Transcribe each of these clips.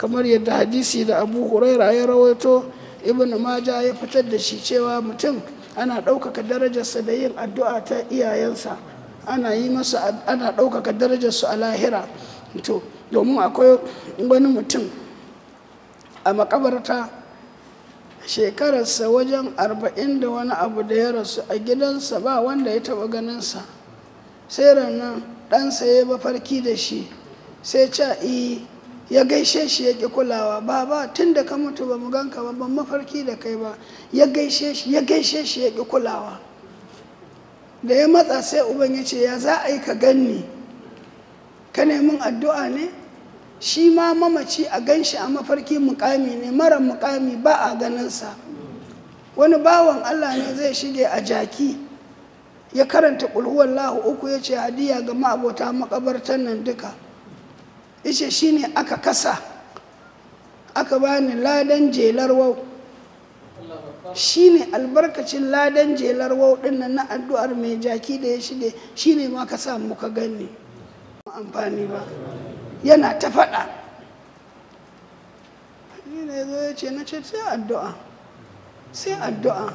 kamar yadda hadisi da abu huraira ya rawaito ibn maja ya fitar da shi cewa mutum ana ɗaukaka darajarsa da yin addu'a ta iyayensa ana yi masa ana ɗaukaka darajarsu a lahira to domin akwai wani mutum a makabarta shekararsa wajen arba'in da wani abu da ya rasu a gidansa ba wanda ya taɓa ganinsa sai ranar ɗansa ya mafarki da shi sai ca ya gaishe shi ya ƙi kulawa baba tun da ka mutu ba mu ganka ba ban mafarki da kai ba ya gaishe shi ya gaishe shi ya ƙi kulawa da ya matsa sai uban ya ce ya za a yi ka ganni ka nemin addu'a ne shi ma mamaci a gan shi a mafarki mukami ne mara mukami ba a ganinsa wani bawan allah ne zai shige a jaki ya karanta Lahu uku ya ce hadiya ga ma'abota makabartan nan duka ishe shi ne aka kasa aka bani ladan jelar wau shi ne albarkacin ladan jelar wau dinnan na addu'ar mai jaki da ya shige shi ne ma ka sa muka gani amfani ba yana ta faɗa ne zo ya ce na ce sai addu'a sai addu'a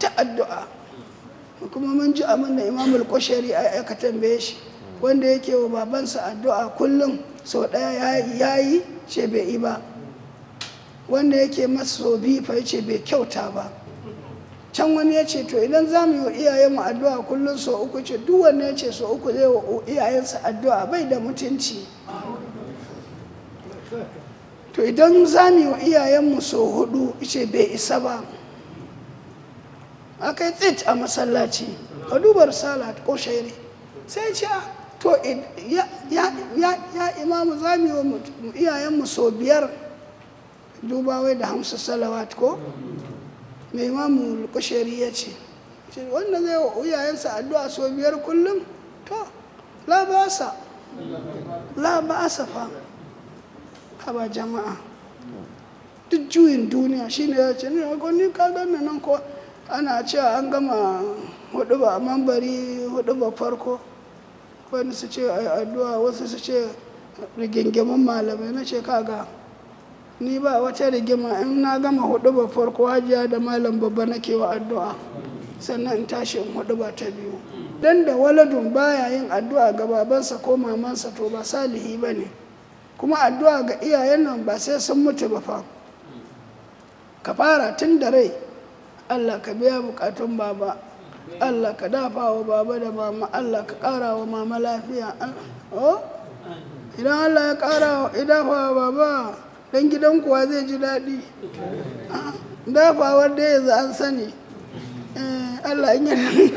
ta addu'a kuma mun ji abin da imamul kushari a aikatan tambaye shi wanda yake wa babansa addu'a kullum sau ɗaya ya yi ce bai yi ba wanda yake maso bi biyu fa ce bai kyauta ba can wani ya ce to idan za mu yi wa iyayenmu addu'a kullum sau uku ce duk wanda ya ce sau uku zai wa iyayensa addu'a bai da mutunci to idan za mu yi wa iyayenmu sau hudu ce bai isa ba akai tsit a masallaci ka duba risala ko shairi sai ce ah, to ya imamu za mu yi wa iyayenmu sau biyar dubawai da hamsu salawat ko mai imamu kushari ya ce wanda zai wa iyayensa addu'a sau biyar kullum to la ba sa la ba sa fa haba jama'a duk juyin duniya shine ya ce ne ko ni ka ganna nan ko ana cewa an gama hudu ba mambari hudu ba farko wani su ce addu'a wasu su ce rigingimin malamai na ce kaga ni ba wata rigima in na gama hudu ba farko hajiya da malam babba nake wa addu'a sannan in tashi in hudu ba ta biyu dan da waladun baya yin addu'a ga babansa ko mamansa to ba salihi ba ne kuma addu'a ga iyayen nan ba sai sun mutu ba fa ka fara tun da rai allah ka biya bukatun baba Allah ka dafa wa baba da mama Allah ka kara wa mama lafiya oh, idan Allah ya kara wa dafa wa baba dan gidan kuwa zai ji daɗi ah, dafawar da yanzu an sani eh, Allah in